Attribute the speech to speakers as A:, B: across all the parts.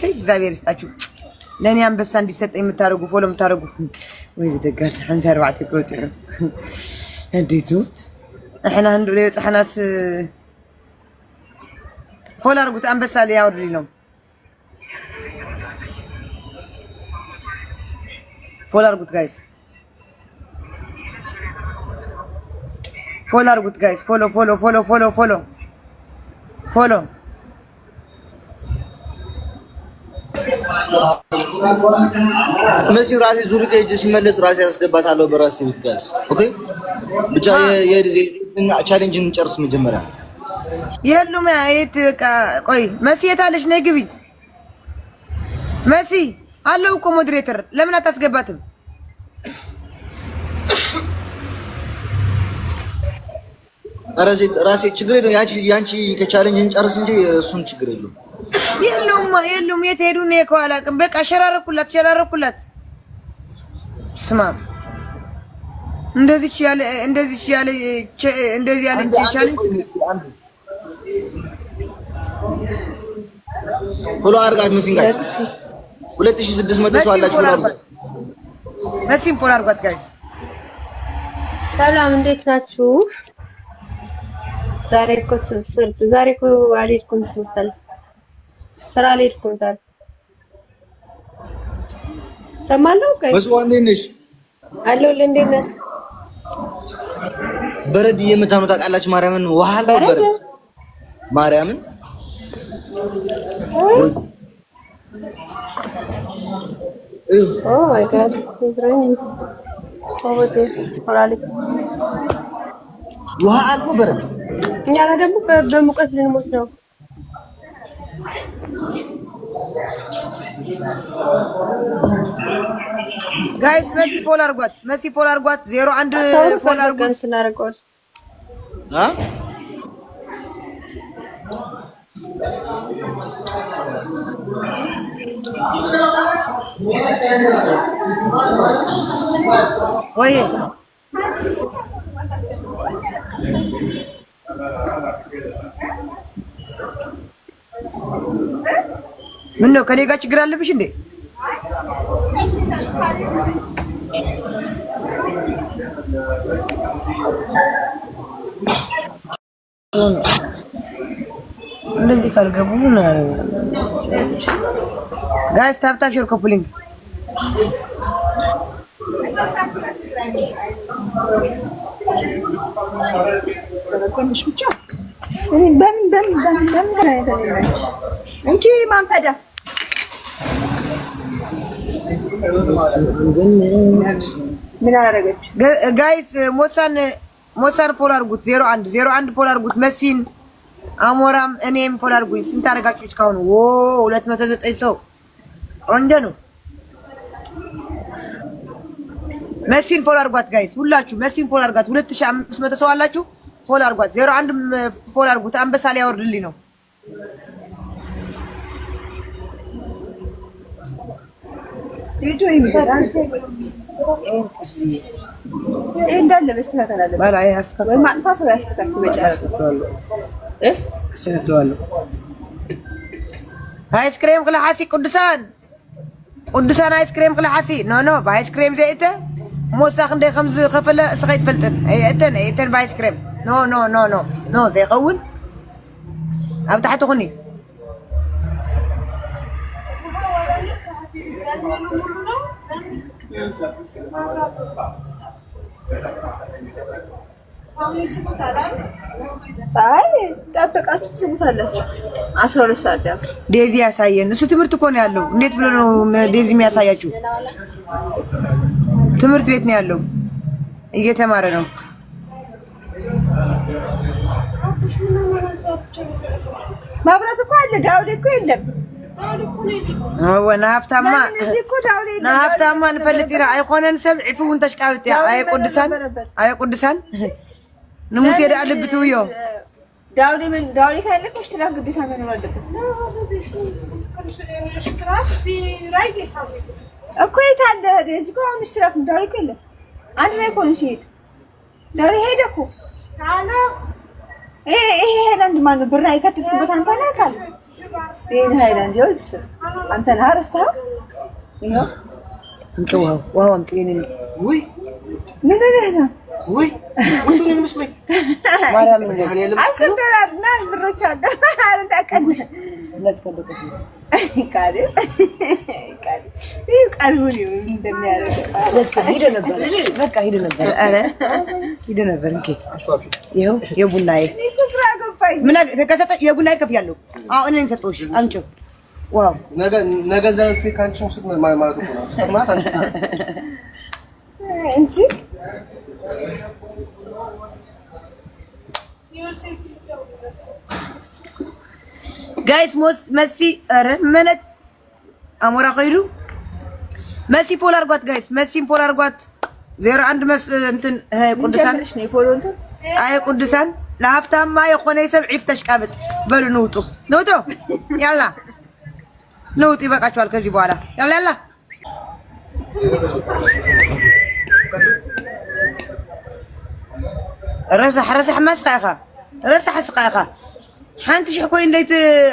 A: ሰይ እግዚአብሔር ይስጣችሁ። ለእኔ አንበሳ እንዲሰጠኝ የምታደርጉ ፎሎ የምታደርጉ ወይ ዝደጋል ሓምሳ ኣርባዕተ ኪሎ ፅዕሩ እንዴት ሙት ንሕና ህንዶለዮ ፅሕናስ ፎሎ ኣርጉት አንበሳ ሊያወርድ ኢሎም ፎሎ ኣርጉት ጋይስ ፎሎ ኣርጉት ጋይስ ፎሎ ፎሎ ፎሎ ፎሎ ፎሎ ፎሎ
B: መሲ ራሴ ዙሪ ከሄጅ ሲመለስ ራሴ አስገባታለሁ። በራሴ ውድጋስ ኦኬ። ብቻ ቻሌንጅ እንጨርስ መጀመሪያ።
A: የሉም የት በቃ ቆይ፣ መሲ የታለች? ነይ ግቢ። መሲ አለው እኮ ሞዲሬተር ለምን አታስገባትም?
B: ራሴ ችግር የለውም። ያንቺ ከቻሌንጅ እንጨርስ እንጂ እሱን ችግር የለውም።
A: የሉም የሉም። የት ሄዱ? እኔ እኮ አላውቅም። በቃ ሸራረኩላት ሸራረኩላት። ስማ እንደዚች ያለ እንደዚች ያለ እንደዚህ ያለ ቻሌንጅ
B: ፎሎ አድርጋት። መሲን ጋር 2600 ሰው አላችሁ ነው።
A: መሲን ፎሎ አድርጋት ጋይስ።
C: ሰላም እንዴት ናችሁ? ዛሬ እኮ ዛሬ እኮ አልሄድኩም ትምህርት አለ ስራ ላይ ትቆይታል። ሰማለሁ። ከይ እንዴት ነሽ? አለሁ። እንዴት ነህ?
B: በረድ እየመታን ነው ታውቃላችሁ። ማርያምን ውሃ አለው በረድ ማርያምን ውሃ አልፎ በረድ
C: እኛ ጋር ደግሞ በሙቀት ልንሞት ነው።
A: ጋይስ መሲ ፎል አድርጓት፣ መሲ ፎል አድርጓት፣ ዜሮ አንድ ፎል አድርጓት። ወይ ምን ነው ከኔ ጋር ችግር አለብሽ እንዴ? እንደዚህ ካልገቡ ጋይስ ታፕታፕ ሼር ኮፕሊንግ በምን በምን በምን በምን ምን አደረገች? ጋይስ ሞሳን ሞሳን ፎል አድርጉት። ዜሮ አንድ ዜሮ አንድ ፎል አድርጉት። መሲን አሞራም እኔም ፎል አድርጉኝ። ስንት አደረጋችሁ እስካሁን? ኦ ሁለት መቶ ዘጠኝ ሰው እንደ ነው። መሲን ፎል አድርጓት ጋይስ፣ ሁላችሁ መሲን ፎል አድርጓት። ሁለት ሺህ አምስት መቶ ሰው አላችሁ። ፎል አድርጓት። ዜሮ አንድ ፎል አድርጉት። አንበሳ ሊያወርድልኝ ነው
C: እንዳለ መስተካከል አለበት። ወይ ማጥፋት ወይ አስተካክል መጨረስ። አስተካክለዋለሁ።
A: አይስክሬም ክላሓሲ ቅዱሳን ቅዱሳን አይስክሬም ክላሓሲ ኖ ኖ ብኣይስክሬም ዘእተ ሞሳ ክንደይ ከምዝኸፈለ እስኸ ይትፈልጥን እተን እተን ብኣይስክሬም ኖ ኖ ኖ ኖ ኖ ዘይኸውን ኣብ ታሕቲ ኹኒ
C: አይ ጠብቃችሁ ትስሙታላችሁ። አስራ ሁለት ሰዓት ዳር
A: ዴዚ ያሳየን። እሱ ትምህርት እኮ ነው ያለው። እንዴት ብሎ ነው ዴዚ የሚያሳያችሁ? ትምህርት ቤት ነው ያለው፣ እየተማረ ነው። መብራት እኮ አለ፣ ዳውድ እኮ የለም። هو نهفتما نهفتما نفلت إلى أيقونا نسب عفو انتش قاوت يا أي قدسان أي قدسان نموس يدع لبتو يو
C: داولي من داولي كان لك مشتراه قدتها من ولدك እኮ የት አለ ሄደ? እዚህ እኮ አሁን اشتراك من داولي كله አንድ ላይ እኮ ነው ሲሄድ ዳውሪ ሄደ እኮ ይሄ ሃይላንድ ማነው ብር አይከትፍበት አንተ ነህ ካለ ይሄን ሃይላንድ ይኸውልሽ፣ አንተ ነህ አረስተኸው። ይኸው
A: አምጪ፣ ውሀው ውሀው አምጪ። የእኔን
B: ውይ፣
C: ምን ሆነህ ነው? ውይ ብሮች አለ
A: የቡና ከፍያለሁ። ጋይስ ሞስ መሲ ኧረ መነት አሞራ ኸይዱ መሲ ፎል አርጓት ጋይስ፣ መሲም ፎል አርጓት። ዜሮ አንድ መስ እንትን ቅዱሳን አይ ቅዱሳን ለሀብታማ የኮነ ሰብ ዒፍ ተሽቃብጥ በሉ ንውጡ፣ ንውጡ፣ ያላ ንውጡ። ይበቃችኋል ከዚህ በኋላ ያላ ያላ ረሳሕ ረሳሕ ማ ስቃኢኻ ረሳሕ ስቃኢኻ ሓንቲ ሽሕ ኮይን ለይቲ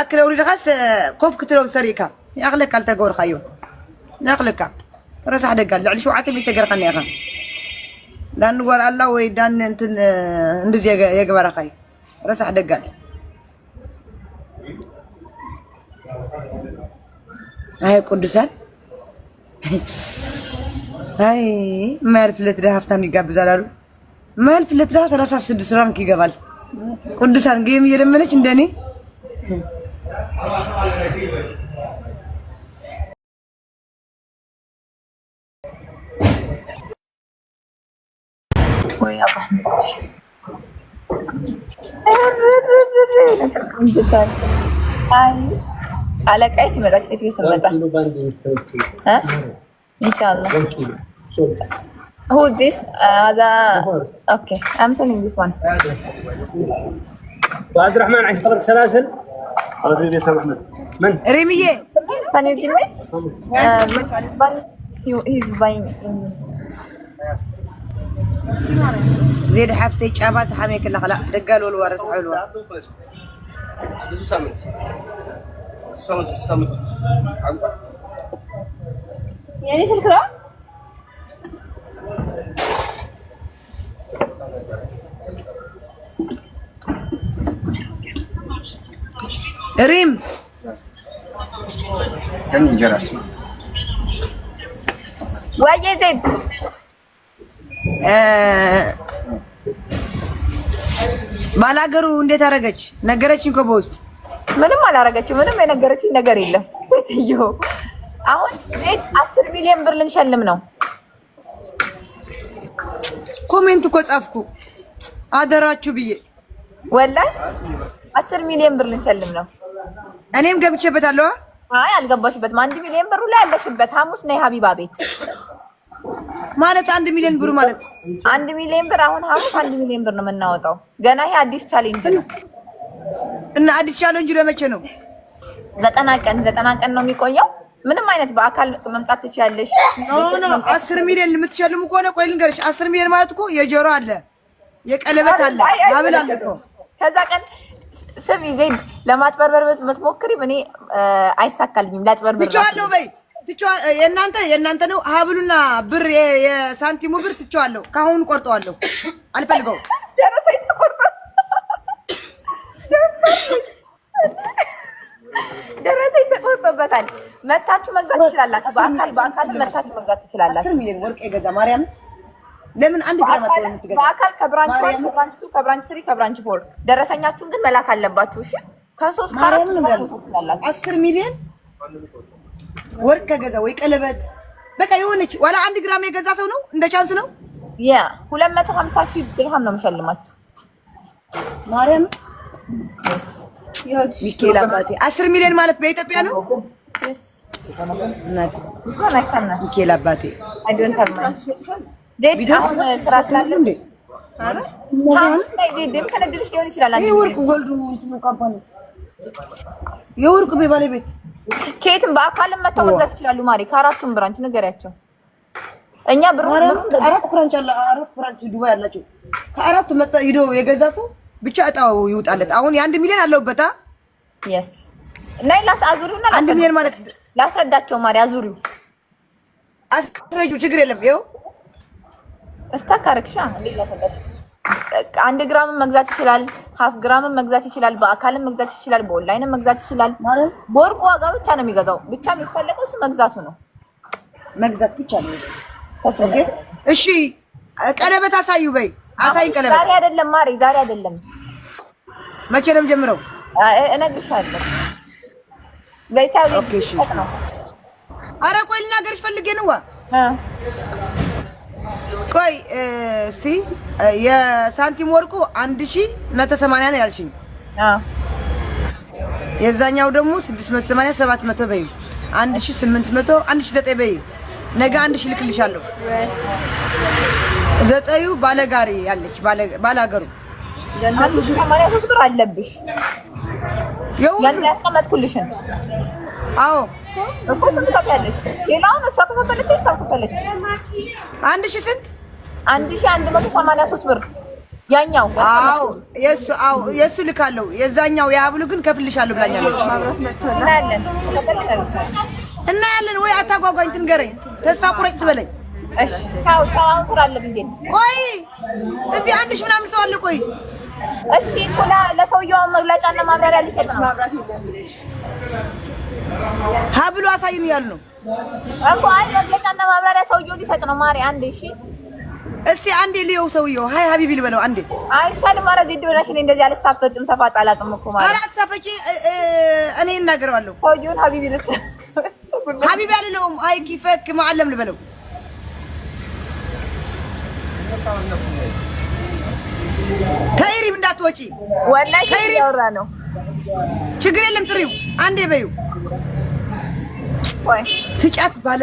A: ኣክለ ውሪድኻስ ኮፍ ክትለው ሰሪእካ ይኣኽለካ አልተገብርካዮ ነኽልካ ረሳሕ ደጋ ልዕሊ ሸውዓተ ሚእቲ ገርካ እኒኢኻ ዳኒ ጓል ኣላ ወይ ዳኒ እንትን እንድዚ የግበረካ እዩ ረሳሕ ደጋል አይ ቅዱሳን አይ ማያልፍለት ድሃ ሃፍታም ይጋብዛል ማያልፍለት ድሃ ሰላሳ ስድስት ራንክ ይገባል። ቅዱሳን ጌም እየደመነች እንደኔ
C: ወይ አባህነሽ አለቃይ ሲመጣች ሴትዮ ስመጣ ኢንሻላህ who this هذا اوكي I'm sending this one
B: عبد الرحمن عايز طلب سلاسل رجل
A: يا سلام احمد من ريمية
C: can you give me uh, he's buying in
A: ዜድ ሓፍተይ ጫማ ተሓመይ ከላ ከላ ደጋል ወልዋ ርስሐ ኢልዋ ብዙ ሳምንት የኔ ስልክ ባላገሩ እንዴት አደረገች? ነገረችኝ እኮ በውስጥ።
C: ምንም አላረገችም። ምንም የነገረችኝ ነገር የለም። ሴትዮ አሁን ቤት አስር ሚሊዮን ብር ልንሸልም ነው።
A: ኮሜንት እኮ ጻፍኩ አደራችሁ ብዬ
C: ወላይ አስር ሚሊዮን ብር ልንሸልም ነው።
A: እኔም ገብቼበታለሁ።
C: አይ አልገባሽበትም። አንድ ሚሊዮን ብሩ ላይ ያለሽበት ሐሙስ ነይ ሀቢባ ቤት
A: ማለት አንድ ሚሊዮን ብር ማለት
C: አንድ ሚሊዮን ብር አሁን ሀብት አንድ ሚሊዮን ብር ነው የምናወጣው። ገና ይሄ አዲስ ቻሌንጅ ነው
A: እና አዲስ ቻሌንጅ ለመቼ ነው?
C: ዘጠና ቀን ዘጠና ቀን ነው የሚቆየው። ምንም አይነት በአካል መምጣት ትችያለሽ።
A: አስር ሚሊዮን የምትሸልሙ ከሆነ ቆይ ልንገርሽ፣ አስር ሚሊዮን ማለት እኮ የጆሮ አለ፣ የቀለበት አለ፣ ሀብል አለ እኮ
C: ከዛ ቀን ስም ይዜ ለማጭበርበር የምትሞክሪ እኔ አይሳካልኝም። ላጭበርበር
A: ትችያለሁ በይ የእናንተ የእናንተ ነው። ሀብሉና ብር የሳንቲሙ ብር ትቼዋለሁ። ከአሁኑ ቆርጠዋለሁ። አልፈልገውም።
C: ደረሰኝ ተቆርጠበታል መታችሁ መግዛት ትችላላችሁ። በአካል በአካል መታችሁ መግዛት ትችላላችሁ።
A: አስር ሚሊዮን ወርቅ የገዛ ማርያም ለምን አንድ ግራ ነው
C: የምትገዛ? በአካል ከብራንች ዋን ከብራንች ቱ ከብራንች ስሪ ከብራንች ፎር ደረሰኛችሁን ግን መላክ አለባችሁ። እሺ
A: ከሶስት ከአራት አስር ሚሊዮን ወርቅ ከገዛ ወይ ቀለበት በቃ የሆነች ዋላ አንድ ግራም የገዛ ሰው ነው እንደ ቻንስ ነው
C: ያ 250 ሺህ ድርሃም ነው የምሸልማችሁ።
A: ማርያም ሚካኤል አባቴ አስር ሚሊዮን ማለት በኢትዮጵያ ነው። ሚካኤል አባቴ
C: ሊሆን ይችላል
A: የወርቁ ጎልዱ የወርቁ ቤት ባለቤት
C: ከየትም በአካልም መተው መግዛት ይችላሉ። ማሪ ከአራቱም ብራንች ንገሪያቸው። እኛ ብሩ
A: አራት ብራንች አለ አራት ብራንች ዱባይ አላቸው። ከአራቱ መጣ ሂዶ የገዛ ሰው ብቻ እጣው ይውጣለት። አሁን የአንድ ሚሊዮን አለውበታ
C: የስ ናይ ላስ አዙሪውና አንድ ሚሊዮን ማለት ላስረዳቸው። ማሪ አዙሪው
A: አስረጁ ችግር የለም ይኸው
C: እስታካረክሻ አንድ ግራም መግዛት ይችላል። ሀፍ ግራምን መግዛት ይችላል፣ በአካልም መግዛት ይችላል፣ በኦንላይንም መግዛት ይችላል። በወርቅ ዋጋ ብቻ ነው የሚገዛው። ብቻ የሚፈለገው እሱ መግዛቱ ነው፣
A: መግዛት ብቻ ነው። እሺ ቀለበት አሳዩ፣ በይ አሳይ ቀለበት።
C: ዛሬ አይደለም ማሪ፣ ዛሬ አይደለም።
A: መቼ ነው ጀምረው?
C: እነግርሻለሁ። ዘይቻ ነው።
A: አረ ቆይ ልናገርሽ ፈልጌ ነዋ ቆይ እስቲ የሳንቲም ወርቁ አንድ ሺህ መቶ ሰማንያ ነው ያልሽኝ። የዛኛው ደግሞ ስድስት መቶ ሰማንያ ሰባት መቶ በይ አንድ ሺህ ስምንት መቶ አንድ ሺህ ዘጠኝ በይ ነገ አንድ ሺህ ልክልሻለሁ። ዘጠዩ ባለጋሪ ያለች ባለሀገሩ ብር አለብሽ። አዎ
C: እኮ ስንት ከፍያለሽ? ሌላውን እሷ ከፈለችሽ አንድ ሺህ ስንት አንድ ሺህ አንድ መቶ ሰማንያ ሶስት ብር ያኛው
A: አዎ፣ የሱ አዎ፣ የሱ ልካለሁ። የዛኛው የሀብሉ ግን ከፍልሻለሁ ብላኛለች። እና ወይ አታጓጓኝ፣ ትንገረኝ፣ ተስፋ ቁረጭ ትበለኝ። እሺ፣ ቻው ቆይ እዚህ አንድ ሺህ ምናምን ሰው አለ። ቆይ
C: እሺ፣ ኩላ ለሰውየው መግለጫና ማብራሪያ ሊሰጥ ነው።
A: ሀብሉ አሳይን እያሉ ነው
C: እኮ። አይ መግለጫና ማብራሪያ ሰውየው ሊሰጥ ነው። ማሪ አንድ እሺ
A: እስቲ አንዴ ሊየው ሰውየው ሀይ ሀቢቢ ልበለው አንዴ።
C: አይቻልም። ኧረ ዜድ ሆነሽ እኔ እንደዚህ አልሳፈጭም። ሰፋጥ አላውቅም እኮ ማለት
A: ኧረ አትሳፈጪ። እኔ እናገረዋለሁ።
C: ሰውዬውን ሀቢቢ ልት
A: ሀቢቢ አልለውም። አይ ኪፈክ መዓለም ልበለው። ተይሪም እንዳትወጪ
C: ወላሂ እያወራ ነው።
A: ችግር የለም ጥሪው አንዴ በይው ስጫት ባለ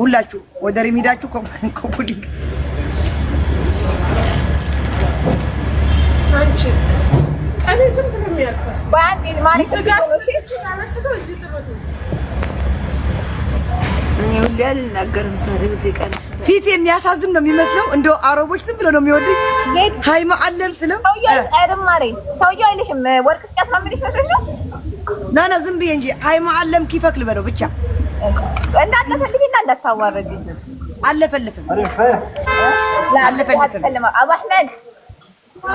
A: ሁላችሁ ወደ ሪሚዳችሁ ኮፑዲንግ ፊት የሚያሳዝን ነው የሚመስለው። እንደ አረቦች ዝም ብሎ ነው የሚወድኝ። ሀይማ አለም ስለው
C: ሰውዬው አይልሽም ወርቅ ስጫት ነው የሚልሽ
A: ነው። ዝም ብዬ እንጂ ሀይማ አለም ኪፈክል በለው ብቻ
C: እንዳለፈልግና እንዳታዋረድ
A: አለፈልፍም አለፈልፍም።
C: አቡ አሕመድ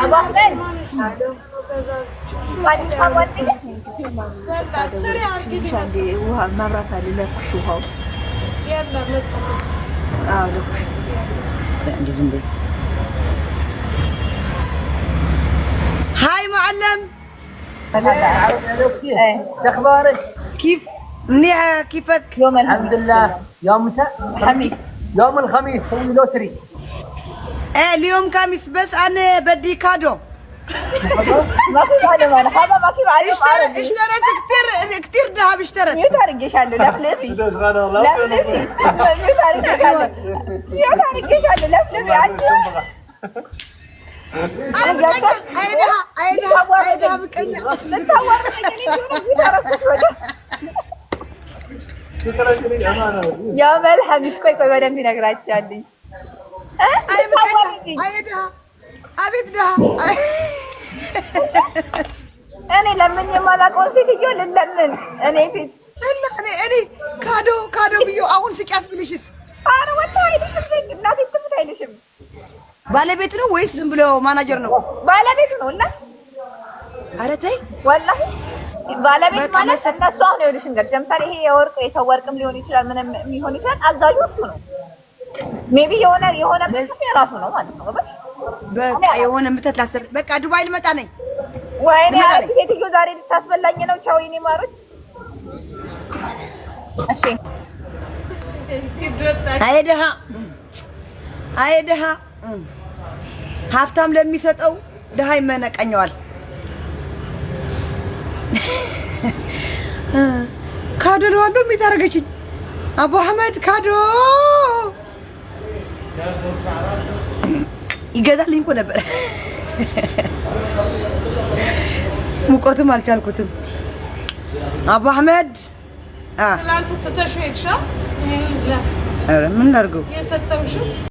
C: አቡ አሕመድ
A: ውሃ መብራት አለ። ለኩሽ ውሃው ለኩሽ እንዲህ ዝም በይ። ሀይ ሙዓለም ሸክባርሽ ኪፍ منيحة كيفك؟
D: يوم الحمد لله يوم متى؟ الخميس يوم الخميس سوي لوتري
A: ايه اليوم خميس بس انا بدي كادو ماكو كادو مرحبا ماكو معلم اشتريت اشتريت كثير كثير ذهب اشتريت
C: ميوت هرقش عنه لا فليفي لا فليفي ميوت هرقش عنه ميوت هرقش عنه لا فليفي عنه انا بكلمك انا انا أنا انت هورطني የመል ሐሚስ ቆይ ቆይ በደንብ ይነግራችኋልኝ። አቤት ድሀ እኔ ለምን የማላውቀውን ሴትዮ ልለምን እኔ ፊት
A: እኔ ካዶ ካዶ ብዬ አሁን ስጫት ብልሽስ?
C: አይልሽም፣ እናቴ አይልሽም።
A: ባለቤት ነው ወይስ ዝም ብሎ ማናጀር ነው? ነው እና ተይ
C: ወላሂ ባለቤት ማለት እነሱ አሁን ይኸውልሽ ለምሳሌ ይሄ የወርቅ የሰው ወርቅም ሊሆን ይችላል፣ ምንም ሊሆን ይችላል። አዛዡ እሱ ነው። ሜቢ የሆነ የሆነ የራሱ ነው ማለት
A: ነው። በቃ የሆነ ምተት በቃ ዱባይ ልመጣ ነኝ።
C: ወይኔ ሴትዮ ዛሬ ልታስበላኝ ነው። ቻው የኔ ማሮች። እሺ
A: አይ አይ ሀብታም ለሚሰጠው ደሃ ይመነቀኘዋል። ካዶ ለዋሉ የሚታረገችኝ አቡ አህመድ ካዶ ይገዛልኝ እኮ ነበር። ሙቀቱም አልቻልኩትም። አቡ አህመድ ምን ላድርገው?